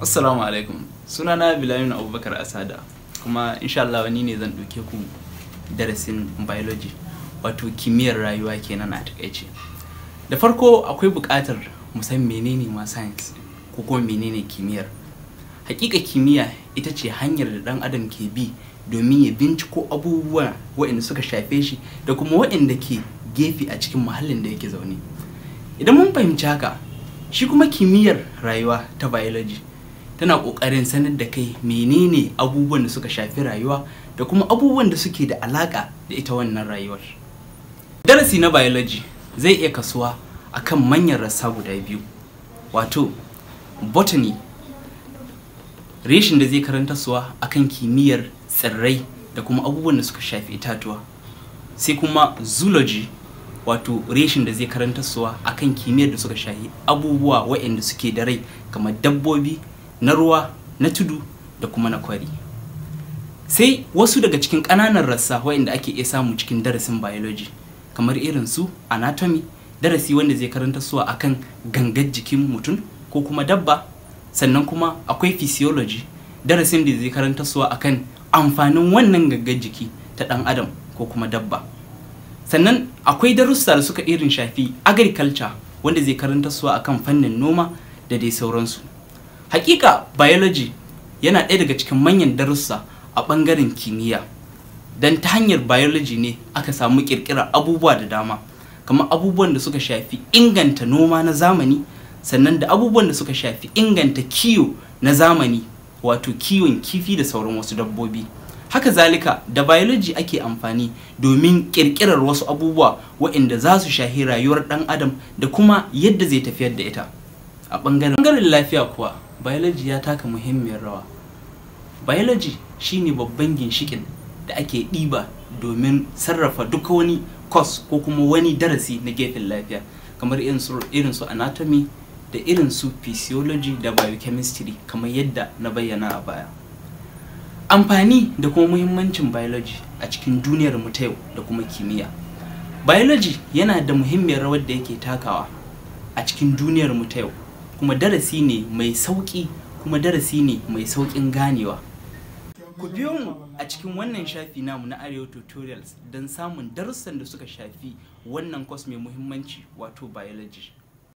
assalamu alaikum Suna na Bilalina abubakar asada kuma insha Allah wani ne zan ɗauke ku darasin biology wato kimiyyar rayuwa kenan a takaice da farko akwai buƙatar mu san menene ma science ko kuma menene kimiyyar hakika kimiyya ita ce hanyar da ɗan adam ke bi domin ya binciko abubuwa waɗanda suka shafe shi da kuma waɗanda ke gefe a cikin muhallin da yake zaune idan mun fahimci haka shi kuma kimiyyar rayuwa ta biology tana ƙoƙarin sanar da kai menene abubuwan da suka shafi rayuwa da kuma abubuwan da suke da alaƙa da ita wannan rayuwar darasi na biology zai iya kasuwa akan manyan rassa guda biyu wato botany reshin da zai karanta suwa akan kimiyyar tsirrai da kuma abubuwan da suka shafi itatuwa sai kuma zoology wato reshin da zai karanta suwa akan kimiyyar da suka shafi abubuwa waɗanda suke da rai kamar dabbobi na ruwa na tudu da kuma na kwari sai wasu daga cikin ƙananan rassa waɗanda ake iya samu cikin darasin biology kamar irin su anatomy darasi wanda zai karanta suwa akan gangar jikin mutum ko kuma dabba sannan kuma akwai physiology darasin da zai karanta suwa akan amfanin wannan gangar jiki ta ɗan adam ko kuma dabba sannan akwai darussa da suka irin shafi agriculture wanda zai karanta suwa akan fannin noma da dai sauransu hakika biology yana ɗaya daga cikin manyan darussa a ɓangaren kimiyya don ta hanyar biology ne aka samu ƙirƙirar abubuwa da dama kamar abubuwan da suka shafi inganta noma na zamani sannan da abubuwan da suka shafi inganta kiwo na zamani wato kiwon kifi da sauran wasu dabbobi haka zalika da biology ake amfani domin ƙirƙirar wasu abubuwa waɗanda za su shahi rayuwar ɗan adam da kuma yadda zai tafiyar da ita a ɓangaren lafiya kuwa biology ya taka muhimmiyar rawa biology shine babban ginshikin da ake ɗiba domin sarrafa duka wani course ko kuma wani darasi na gefen lafiya kamar irin su anatomy da irin su physiology da biochemistry kamar yadda na bayyana a baya amfani da kuma muhimmancin biology a cikin duniyar mu ta yau da kuma kimiyya biology yana da muhimmiyar rawar da yake takawa a cikin duniyar mu ta yau kuma darasi ne mai sauƙi kuma darasi ne mai sauƙin ganewa ku biyo mu a cikin wannan shafi namu na arewa tutorials don samun darussan da suka shafi wannan kwas mai muhimmanci wato biology